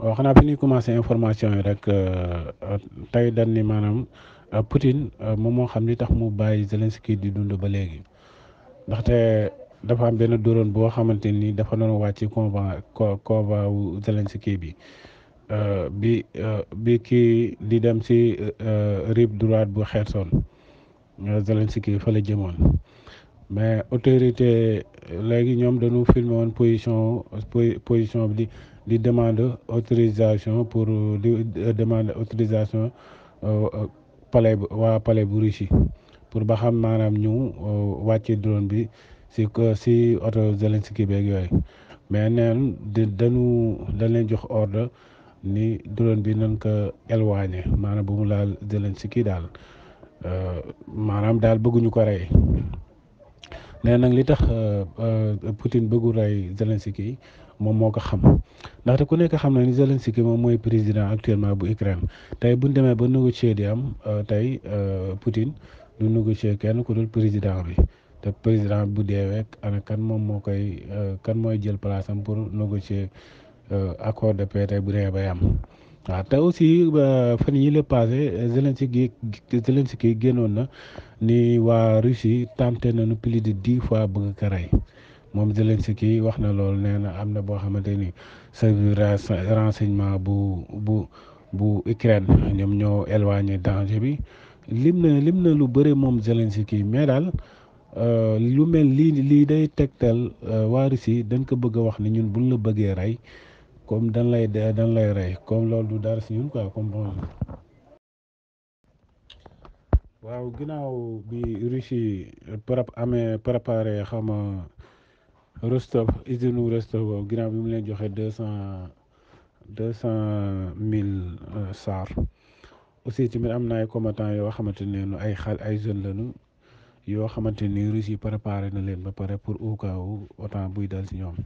waaw euh, xanaa bi ñuy commencé information yi rek euh, tey dañ ni maanaam euh, Poutine moom moo xam ni tax mu bàyyi Zelensky di dund ba léegi ndaxte dafa am benn drone boo xamante ni dafa doon wàcc ci convoi convoi wu Zelensky bi bi bi kii di dem si rive droite bu xeer Kherson Zelensky fa la jëmoon mais autorité léegi ñoom dañu filmé woon position position bi. di demande autorisation pour di demande autorisation euh, palais waa pale bu Russie pour ba xam maanaam ñu euh, wàcce drone bi si ko si oto Zelensky beeg yooyu mais neen di dañu dañ jox ordre ni drone bi nañ ko éloigné maanaam bu mu laal si Zelensky daal euh, maanaam daal bëgguñu ko rey nee nag li tax Poutine bëggu rey Zelensky moom moo ko xam ndaxte ku nekk xam na ni Zelensky moom mooy président actuellement bu Ukraine tey bu ñu demee ba négocier di am euh, tey euh, Poutine du négocier kenn ku dul président bi te président bu deewee ana kan moom moo koy euh, kan mooy jël place am pour négocier accord de paix tey bu demee bay am. waaw te aussi fan yii la passé Zelensky Zelensky génnoon na ni waa Russie tenté nañu plus de dix fois bëgg ko rey moom Zelensky wax na lool nee na am na boo xamante ni service renseignement bu bu bu Ukraine ñoom ñoo éloigné danger bi lim na lim na lu bëri moom kii mais daal euh, lu mel lii lii day tegtal euh, waa si dañ ko bëgg wax ni ñun buñ la bëggee rey comme dañ lay dañ lay rey comme loolu du dara si ñun quoi comme bon. waaw ginnaaw bi Russie prép amee préparé xama Rostov usine Rostov boobu ginnaaw bi mu leen joxe deux cent deux cent mille euh, saar aussi tamit am na ay combattants yoo xamante ne ay xal ay jeunes lañu yoo xamante ni Russie préparé na leen ba pare pour au cas où autant buy dal ci ñoom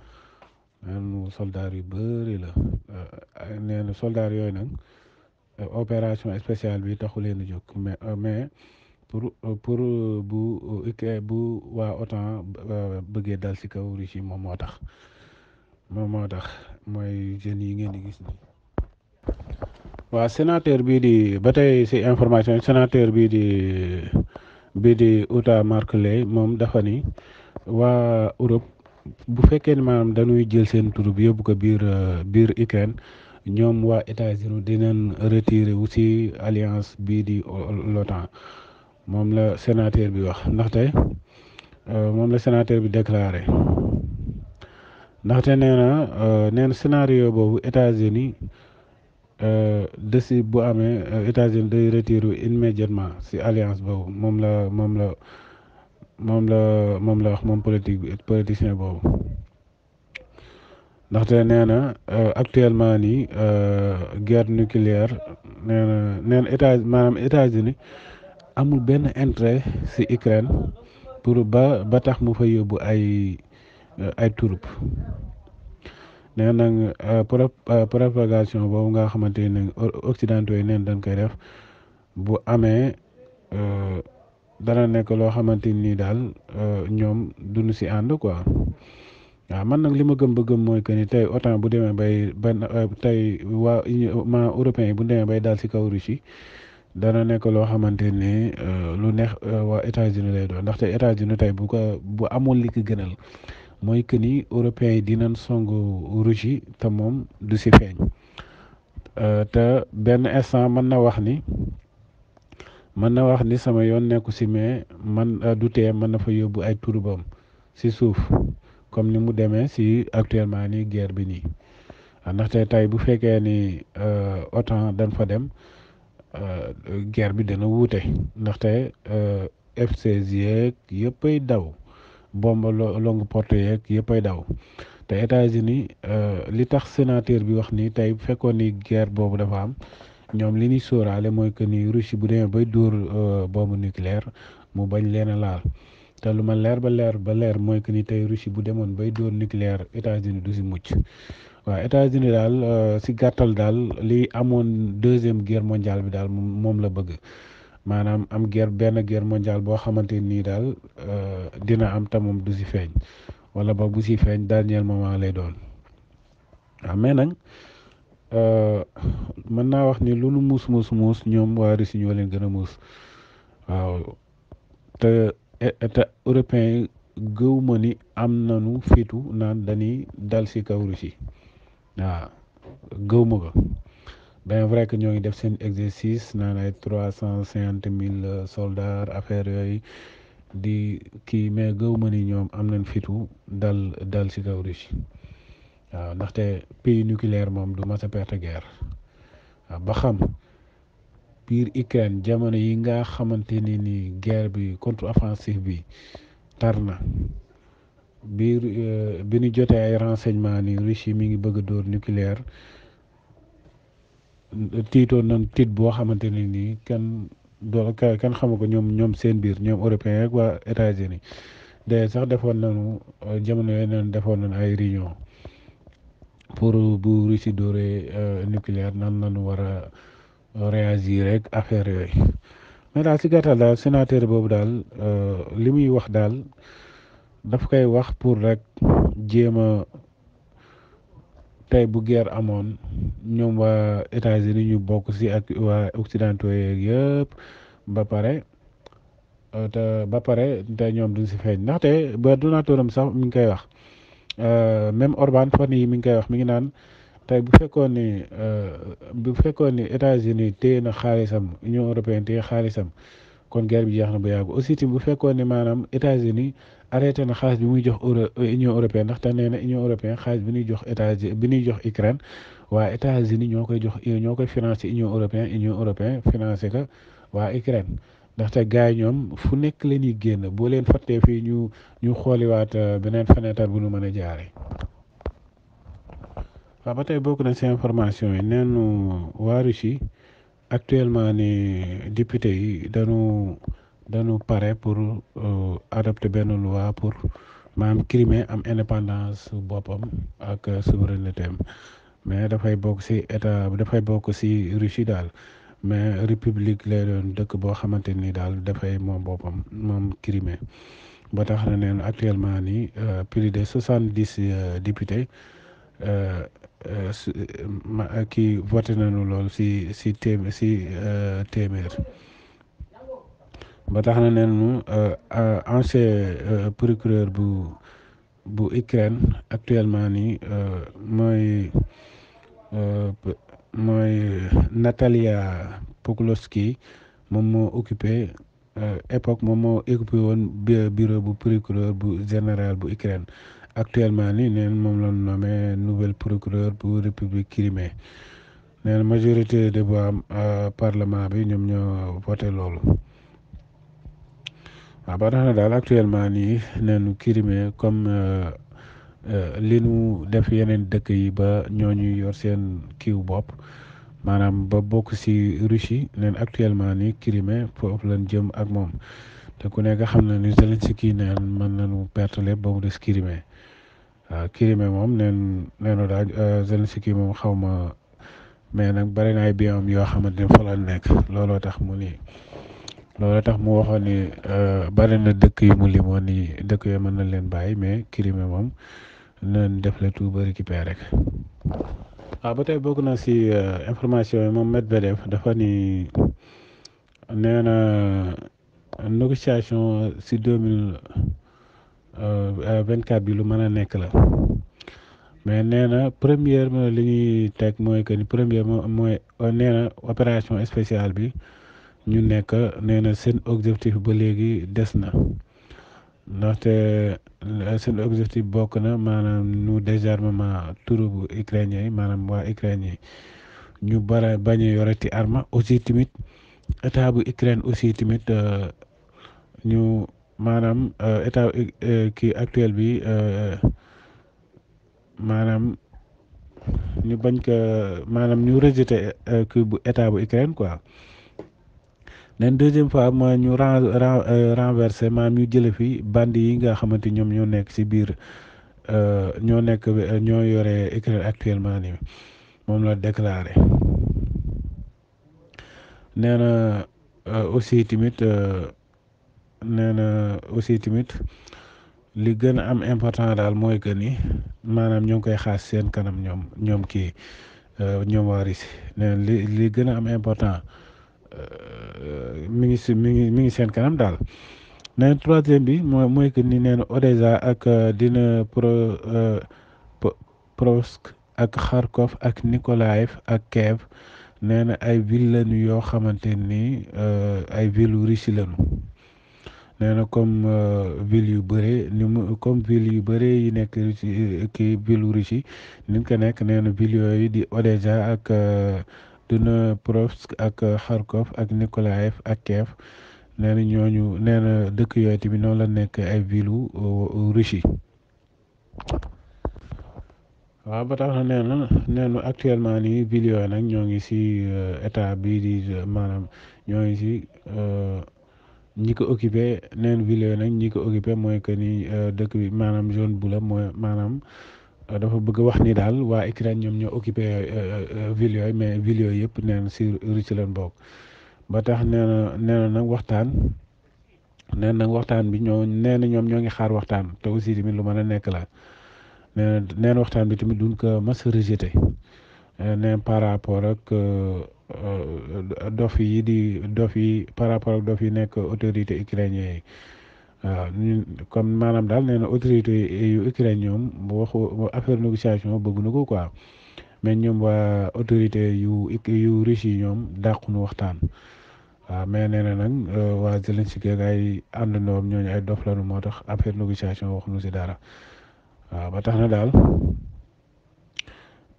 neen soldats yu bëri la euh, nee na soldats yooyu nag euh, opération spéciale bi taxu leen a jóg mais mais pour pour bu bu waa OTAN bëggee dal si kaw Russie moom moo tax moom moo tax mooy jeunes yi ngeen di gis nii. waa sénateur bii di ba tey ci information sénateur bii di bii di Uta Markley moom dafa ni waa Europe bu fekkee ne maanaam dañuy jël seen tur bi ko biir biir Ukraine ñoom waa États-Unis dinañ retiré aussi ci alliance bii di l'OTAN moom la sénateur bi wax ndaxte euh, moom la sénateur bi déclaré ndaxte nee na euh, nee na scénario boobu États-Unis euh, desi boo amee États-Unis day retiré immédiatement si alliance boobu moom la moom la moom la moom la wax moom politique bi politicien boobu ndaxte nee na actuellement nii guerre nucléaire nee na nee na état États-Unis amul benn intérêt ci Ukraine pour ba ba tax mu fa yóbbu ay euh, ay troupe nee nag euh, euh, propagation boobu nga xamante ne occidentaux yi neen dañ koy def bu amee dara nekk loo xamante nii daal ñoom duñu ci ànd quoi waaw man nag li ma gëm ba gëm mooy que ni tey OTAN bu demee bay ba tey waa ma européen bu demee bay daal ci kaw Russie dana nekk loo xamante ni euh, lu neex euh, waa États-Unis lay doon ndaxte États-Unis tey bu ko bu amul li ko gënal mooy que ni européens yi dinañ songu Russie te moom du si feeñ euh, te benn instant man na wax ni mën na wax ni sama yoon nekku si mais man du te mën na fa yóbbu ay turubam si suuf comme ni mu demee si actuellement nii guerre bi nii ndaxte tey bu fekkee ni OTAN dañ fa dem. guerre bi dana wuute ndaxte F16 yeeg yëppay daw bombe longue portée yeeg yëppay daw té États-Unis li tax sénateur bi wax ni tay bu ni guerre bobu dafa am ñom li ni soralé moy que ni Russie bu demee bay dóor bombe nucléaire mu bañ léna laal té luma lèr ba lèr ba lèr moy que ni tay Russie bu demoon bay dóor nucléaire États-Unis du ci mucc waaw États-Unis daal euh, si gàttal daal li amoon deuxième guerre mondiale bi daal moom la bëgg maanaam am guerre benn guerre mondiale boo xamante nii daal euh, dina am te moom du si feeñ wala ba bu si feeñ dernier moment lay doon waaw mais nag euh, mën naa wax ni lu nu muus muus muus ñoom waa Russie ñoo leen gën a muus waaw te e, te européen yi ni am nanu fitu naan dañuy dal si kaw Russie waaw gëw ko bien vrai que ñoo ngi def seen exercice naan ay trois cent cinquante mille euh, soldats affaire yooyu di kii mais gëw ni ñoom am nañ fitu dal dal ci kaw Russie waaw ndaxte pays nucléaire moom du mas a perte guerre waaw ba xam biir Ukraine jamono yi nga xamante ni nii guerre bi contre offensive bi tar na biir euh, bi ñu jotee ay renseignement ni Russie mi ngi bëgg a dóor nucléaire tiitoon nan tiit boo xamante ne nii kenn doo kenn xamu ko ñoom ñoom seen biir ñoom européen rek waa États-Unis d'ailleurs sax defoon nañu euh, jamono yeneen defoon nañu ay réunion pour bu Russie dóoree euh, nucléaire nan lañu war a réagir rek affaire yooyu mais daal si gàttal daal sénateur boobu daal li muy wax daal daf koy wax pour rek jéem a tey bu guerre amoon ñoom wa États-Unis ñu bokk si ak waa occidentaux yeeg yëpp ba pare euh, te ba pare te ñoom duñ si feeñ ndaxte ba Donald Trump sax mi ngi koy wax euh, même Orban fan yi mi ngi koy wax mi ngi naan tey bu fekkoon ni euh, bu fekkoon ni États-Unis téye na xaalisam Union européenne téye xaalisam. kon guerre bi jeex na bu aussi tamit bu fekkoon ne maanaam États-Unis arrêté na xaalis bi muy jox euro union européenne ndaxte nee na union européenne xaalis bi ñuy jox états bi ñuy jox Ukraine waa États-Unis ñoo koy jox ñoo koy financé union européenne union européenne financé ka waa Ukraine ndaxte gars yi ñoom fu nekk la ñuy génn boo leen fàttee fii ñu ñu xooliwaat euh, beneen fenêtre bu nu mën a jaaree. waaw ba tey bokk na si information yi neenu waa Russie actuellement nii député yi dañu dañu pare pour euh, adopter benn loi pour maam Crimée am indépendance boppam ak souveraineté am mais dafay bokk si état dafay bokk si Russie daal mais république lay doon dëkk boo xamante ni daal dafay moom boppam moom Crimée ba tax na neen actuellement nii euh, plus de soixante-dix euh, députés. Euh, euh, euh, kii vote nañu loolu si si téem si téméer ba tax na neenu ancien procureur bu bu Ukraine actuellement nii mooy mooy Natalia Poklowski moom moo occupé époque moom moo occupé woon bureau bu procureur bu général bu Ukraine actuellement nii neen moom la nommé nouvelle procureur bu république Crimée neen majorité des voix euh, parlement bi ñoom ñoo voté loolu waaw ah, ba tax na daal actuellement nii neenu Crimée comme euh, euh, li nu def yeneen dëkk yi ba ñoo ñooñu yor seen kiw bopp maanaam ba bokk ci Russie neen actuellement nii Crimée foofu lañ jëm ak moom te ku nekk xam na ni Zelensky neen mën nañu perte lépp ba mu des Crimée Kirime moom neen neenu daaj Zelensky moom xaw ma mais nag bari na ay biam yoo xamante ni fa la nekk looloo tax mu ni looloo tax mu waxoon ni bari na dëkk yu mu limoon ni dëkk yoo mën na leen bàyyi mais Kirime moom neen def la tout ba récupérer rek waaw ba tey bokk na si information yi moom Medvedev dafa ni nee na négociation si 2000 24 euh, euh, bi lu mën a nekk la mais nee na première li ñuy teg mooy que ni première mooy euh, nee na opération spéciale bi ñu nekk nee na seen objectif ba léegi des na ndaxte seen objectif bokk na maanaam nu désarmement turu bu Ukraine yi maanaam waa Ukraine yi ñu bara bañ a yoreti arme aussi tamit état bu Ukraine aussi tamit ñu. maanaam euh, état euh, euh, kii actuel bi maanaam ñu bañ ko maanaam ñu rejeté kii bu état bu Ukraine quoi leen deuxième fois mooy ñu renversé maanaam ñu jële fi bandi yi nga xamante ñoom ñoo nekk ci biir ñoo nekk ñoo yore Ukraine actuellement nii moom la déclaré nee na aussi tamit nee na aussi tamit li gën a am important daal mooy que ni maanaam ñoo ngi koy xaas seen kanam ñoom ñoom kii euh, ñoom waa Russie nee li li gën a am important euh, mi ngi si mi ngi mi ngi seen kanam daal. nee na troisième bi mooy mooy que ni nee na Odessa ak euh, dina pro Prosk ak xarkof ak Nikolaev ak Kiev nee na ay ville lañu yoo xamante ni ay ville Russie lañu. nee na comme euh, ville yu bëre ni mu yu bëre yi nekk euh, kii ville Russie ni ko nekk nee na ville yooyu di Odessa ak euh, Dnipropetrovsk ak Kharkov ak Nikolaev ak Kiev nee na ñooñu neena dëkk yooyu tamit noonu la nekk ay ville Russie waaw ba tax na nee na actuellement nii ville yooyu nag ñoo ngi si état bii di maanaam ñoo ngi si. ñi ko occupé neen ville nag ñi ko occupé mooy que ni euh, dëkk bi maanaam zone bu mooy maanaam euh, dafa bëgg wax ni daal waa Ukraine ñoom ñoo occupé euh, ville yooyu mais ville yooyu yëpp neen si Russie lañ bokk ba tax nee na nee nag waxtaan nee nag waxtaan bi ñoo nee na ñoom ñoo ngi xaar waxtaan te aussi tamit lu mën a nekk la nee na nee na waxtaan bi tamit duñ ko mas rejeté Euh, ne par rapport ak euh, euh, dofi yi di dof yi par rapport ak dof yi nekk autorité ukrainien yi waaw comme maanaam daal nee na autorité yu Ukraine ñoom bu waxu affaire négociation bëgg na ko quoi mais ñoom waa autorité yu yu Russie yi ñoom dàqunu waxtaan waaw mais nee na nag waa Zelensky ak ay àndandoom ñooñu ay dof lañu moo tax affaire négociation waxuñu si dara waaw ba tax na daal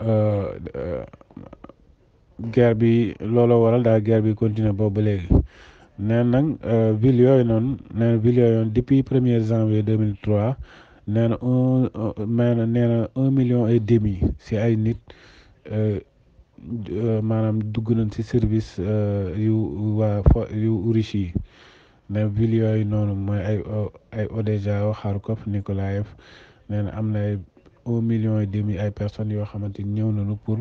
Euh, euh, guerre bi looloo waral daal guerre bi continuer boobu ba léegi neen nag euh, ville yooyu noonu nee na ville yooyu noonu depuis premier janvier 2003 nee na un nee nee na un million et demi si ay nit maanaam dugg nañ si service yu waa yu riche yi ne ville yooyu noonu mooy ay ay Odessa Kharkov Nikolaev nee na am na ay au million et demi ay personnes yo xamanteni ñew nañu pour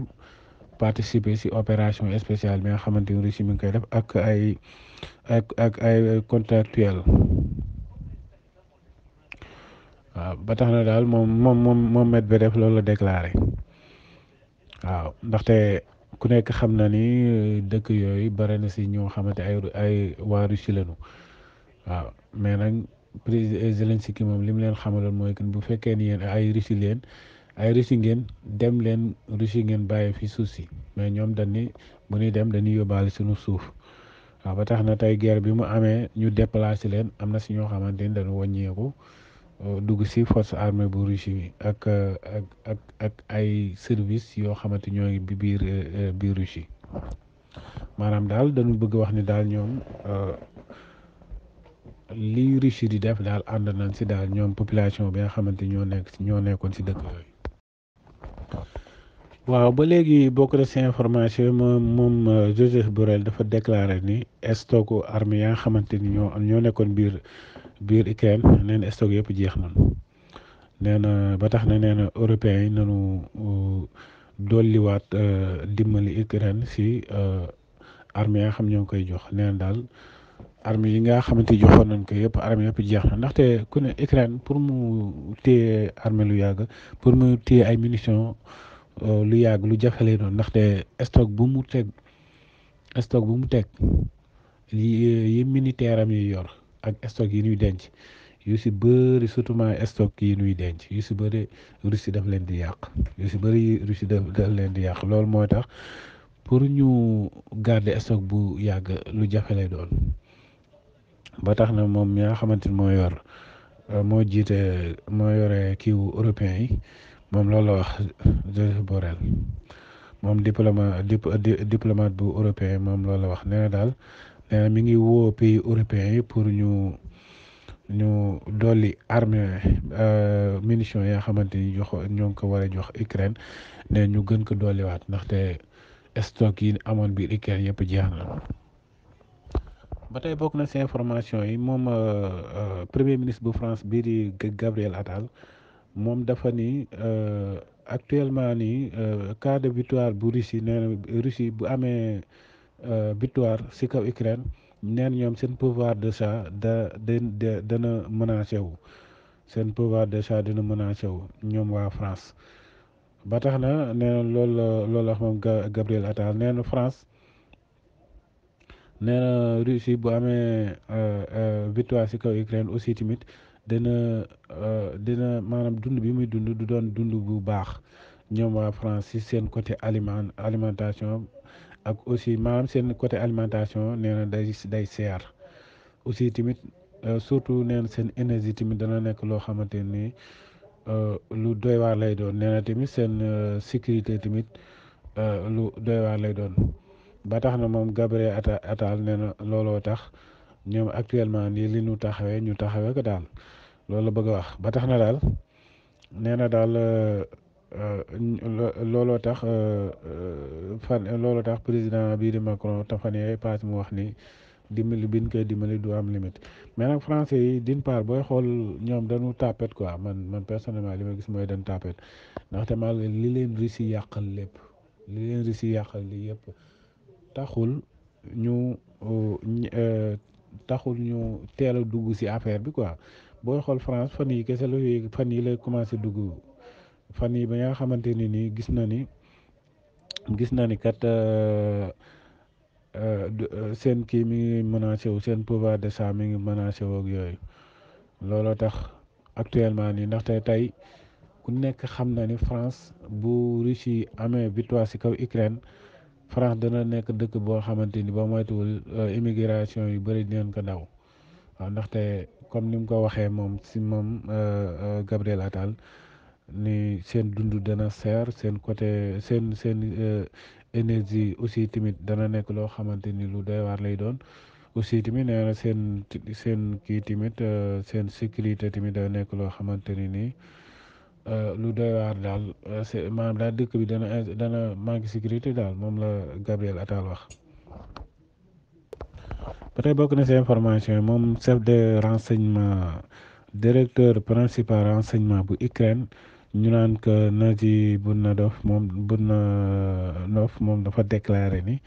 participer ci opération spéciale bi nga xamanteni ni Russie mi ngi koy def ak ay ak ak ay contractuel waaw ba tax na daal moom moom moom moom Medvedev loolu la déclaré waaw ndaxte ku nekk xam na ni euh, dëkk yooyu bare na ci ñoo xamante ay ay waa Russie lañu waaw mais nag président Zelensky moom li mu leen xamaloon mooy que bu fekkee ni yéen ay Russie leen ay Russie ngeen dem leen Russie ngeen bàyyi fi suuf si mais ñoom dañ bu ñuy dem dañuy yóbbaale suñu suuf waaw ba tax na tey guerre bi mu amee ñu déplacé leen am na si ñoo xamante ni dañu wàññeeku euh, dugg si force armée bu Russie bi ak ak ak ay service yoo xamante ñoo ngi bi biir euh, euh, biir Russie maanaam daal dañu bëgg wax ni daal ñoom. li riche yi def daal ànd nañ si daal ñoom population bi nga xamante ñoo nekk ñoo nekkoon si dëkk yooyu. waaw ba léegi bokk na si information moom moom euh, Joseph Borrell dafa déclaré ni stock armée yaa xamante ni ñoo ñoo nekkoon biir biir Ukraine nee stock yëpp jeex nañ nee na ba na nee na européens yi nañu euh, dolliwaat euh, dimbali Ukraine si armée yaa xam ñoo ngi koy jox nee daal. armes yi nga xamante ni joxoon nañ ko yëpp armes yëpp jeex na ndaxte ku ne Ukraine pour mu téye armée lu yàgg pour mu téye ay munitions euh, lu yàgg lu jafe lay ndaxte stock bu mu teg stock bu mu teg yi militaire am yi yor ak stock yi ñuy denc yu si bëri surtout stock yi ñuy denc yu si bëri Russie daf leen di yàq yu si bëri Russie daf leen di yàq loolu mooy tax pour ñu garder stock bu yàgg lu jafe lay doon. ba tax na moom mi nga xamante ni moo yor euh, moo jiite moo yore kiiwu européen yi moom loolu wax Josep Borrell moom diplomate diplomate bu européen moom loolu la wax nee daal nee mi ngi woo pays européen yi pour ñu ñu dolli armée euh, munitions yaa xamante ni jox ñoo ngi ko war a jox Ukraine ne ñu gën ko dolliwaat ndaxte stock yi amoon biir Ukraine yëpp jeex na. ba tey bokk na si information yi moom euh, euh, premier ministre bu France bii di Gabriel Attal moom dafa ni euh, actuellement nii cas de victoire bu Russie nee na Russie bu amee victoire si kaw Ukraine neen ñoom seen pouvoir d'achat da da dana menacé wu seen pouvoir d'achat dina menacé wu ñoom waa France ba tax na nee na loolu loolu wax moom Gabriel Attal nee na France. neena na Russie bu amee euh, euh, victoire ci kaw Ukraine aussi tamit dina euh, dina maanaam dund bi muy dund du doon dund bu baax ñoom waa France ci seen côté aliment alimentation ak aussi maam seen côté alimentation nee na day day seer aussi tamit surtout neen seen énergie tamit dana nekk loo xamante ni lu doy waar lay doon nee na tamit seen sécurité tamit lu doy waar lay doon. ba tax na moom Gabriel Attal nee na looloo tax ñoom actuellement nii li ñu taxawee ñu taxawee ko daal loolu la bëgg a wax ba tax na daal nee na daal looloo tax fan looloo tax président bii di Macron te fan yee paas mu wax ni dimbali biñ koy dimbali du am limite mais nag français yi d'une part booy xool ñoom dañu tàppet quoi man man personnellement li ma gis mooy dañ tàppet ndaxte malgré li leen Russie yàqal lépp li leen Russie yàqal lii yëpp. taxul ñu euh, euh, taxul ñu teel a dugg ci affaire bi quoi booy xool France fan yi kese la fan yi lay commencé dugg fan yi ba nga xamante ni nii gis na ni gis na ni kat euh, seen kii mi ngi menacé wu seen pouvoir d'achat mi ngi menacé wu yooyu looloo tax actuellement nii ndaxte tey ku nekk xam na ni France bu Russie amee victoire ci kaw Ukraine France dana nekk dëkk boo xamante ni ba moytuwul euh, immigration yu bëri dinañ ko ndaw waaw ndaxte comme ni mu ko waxee moom si moom euh, euh, Gabriel Attal ni seen dund dana seer seen côté seen seen énergie aussi tamit dana nekk loo xamante ni lu doy waar lay doon aussi tamit seen seen kii tamit seen sécurité tamit dana nekk loo xamante ni nii. Euh, lu doy daal euh, c'est maanaam daal dëkk bi dana dana manque sécurité daal moom la Gabriel Attal wax. ba tey bokk na si information yi moom chef de renseignement directeur principal renseignement bu Ukraine ñu naan que Naji Bournadov moom Bournadov moom dafa déclarer ni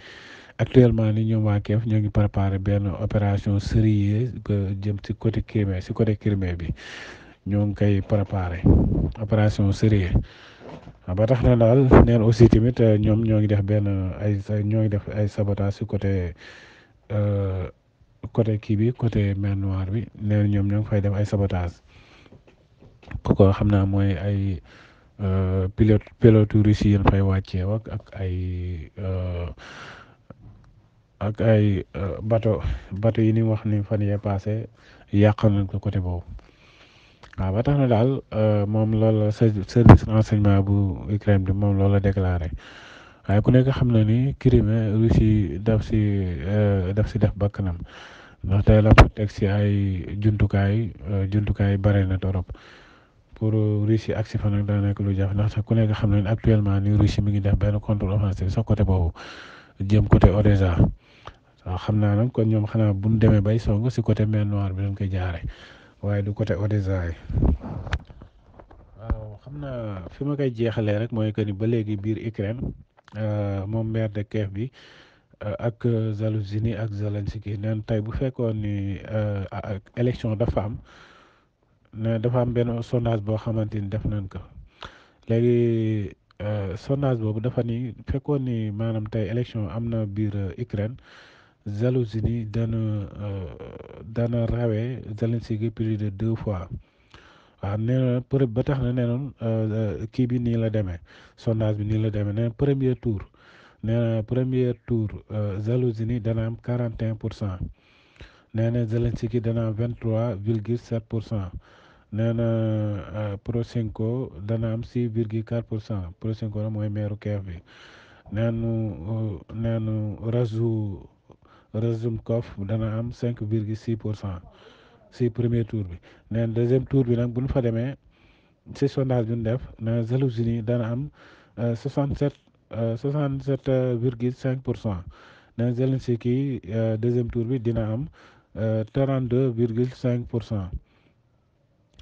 actuellement ni ñoom waa Kiev ñoo ngi préparé benn opération sérieuse jëm si côté Crimée si côté Crimée bi. ñoo ngi koy préparé opération sérieux ah, ba tax na daal neen aussi tamit euh, ñoom ñoo ngi def benn ay ñoo ngi def ay sabotage si côté euh, côté kii bi côté mer Noire bi neen ñoom ñoo ngi fay def ay sabotage kooku xam naa mooy ay euh, pilote pilote russie yéen fay wàccee wak ak ay ak ay bateau bateau yi ni wax ni fan yee passé yàqal nañ ko côté boobu waaw ba tax na daal moom loolu la service renseignement bu Ukraine bi moom loolu la déclaré waaye ku nekk xam na ni crime Russie daf si daf si def ba kanam ndax tey la fa teg si ay juntukaay juntukaay bare na trop pour Russie ak si fa nag daa nekk lu jafe ndaxte ku nekk xam na ni actuellement ni Russie mi ngi def benn contrôle offensive sa côté boobu jëm côté Odessa waaw xam naa nag kon ñoom xanaa bu ñu demee bay song si côté mer Noire bi lañ koy jaare waaye du côté Odessa yi waaw xam na fi ma koy jeexalee rek mooy que ni ba léegi biir Ukraine euh, moom maire de Kiev bi euh, ak Zalouzhny ak Zelensky neen tey bu fekkoon ni euh, ak élection dafa am ne dafa am benn sondage boo xamante ni def nañ ko léegi sondage boobu dafa ni fekkoon ni maanaam tey élection am na biir Ukraine. Zelensky dana euh, dana rawe Zelensky gi plus de deux fois waaw ah, nee na ba tax na nee na euh, kii bi nii la demee sondage bi nii la demee nee premier tour nee na premier tour euh, Zelensky dana am quarante et un pour cent nee ne Zelensky dana am vingt trois virgule sept pour cent nee na Poroshenko dana am six virgule quatre pour cent Poroshenko la mooy meeru Kiev bi nee nu nee nu Razu Razumkov dana am cinq virgule 6 pour cent si premier tour bi neen deuxième tour bi nag bu ñu fa demee si sondage bi def def na Zelenskyy dana am 67 euh, 67 euh, virgule cinq pour cent neen Zelenskyy kii euh, deuxième tour bi dina am deux virgule 5 pour cent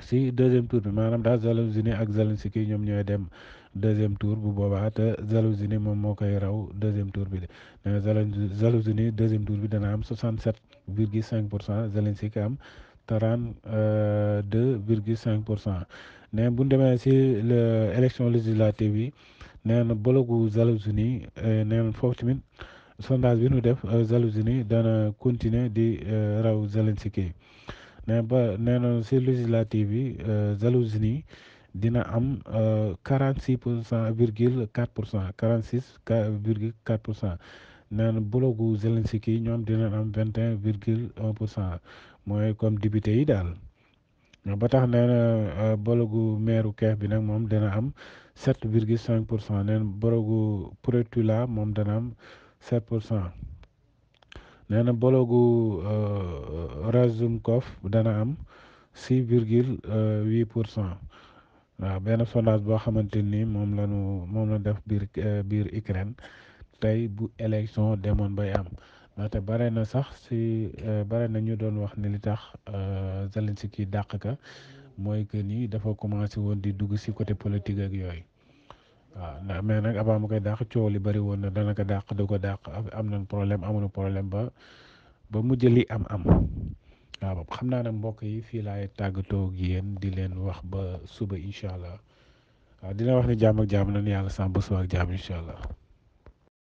si deuxième tour bi maanaam daal Zelenskyy ak Zelenskyy ñoom ñooy dem. deuxième tour bu boobaa te Zalouzini moom moo koy raw deuxième tour bi de nee na Zalouzini deuxième tour bi dana am 67 virgule cinq pour cent Zelensky am 32 virgule cinq pour cent nee bu ñu demee si élection législative yi nee na bologu Zalouzini euh, nee na foofu tamit sondage bi nu def euh, Zalouzini dana continuer di euh, raw Zelensky nee ba nee na si législative yi dina am euh, quarante six pour cent virgule quatre pour cent quarante six virgule quatre pour cent naan bologu Zelensky ñoom dina am vingt un virgule un pour cent mooy comme député yi daal. ba tax nee na euh, bologu meeru Kiev bi nag moom dina am sept virgule cinq pour cent neen bologu Protula moom dana am sept pour cent nee na bologu euh, Razumkov dana am six virgule huit pour cent. waaw benn sondage boo xamante ni moom la moom la def biir eh, biir Ukraine tey bu élection demoon bay am ndaxte bare na sax si eh, bare na ñu doon wax ni li tax eh, Zelensky dàq ka mooy que nii dafa commencé woon di dugg si côté politique ak yooyu waaw ndax mais nag avant ma koy dàq coow li bari woon na dana ko dàq du ko dàq am nañ problème amuñu problème ba ba mujj li am am. waaw ah, xam naa ne mbokk yi fii laay tàggatoo yeen di leen wax ba suba incha allah waaw ah, dina wax ne jàmm ak na nañu yàlla sàmm ba suba ak jàmm incha allah.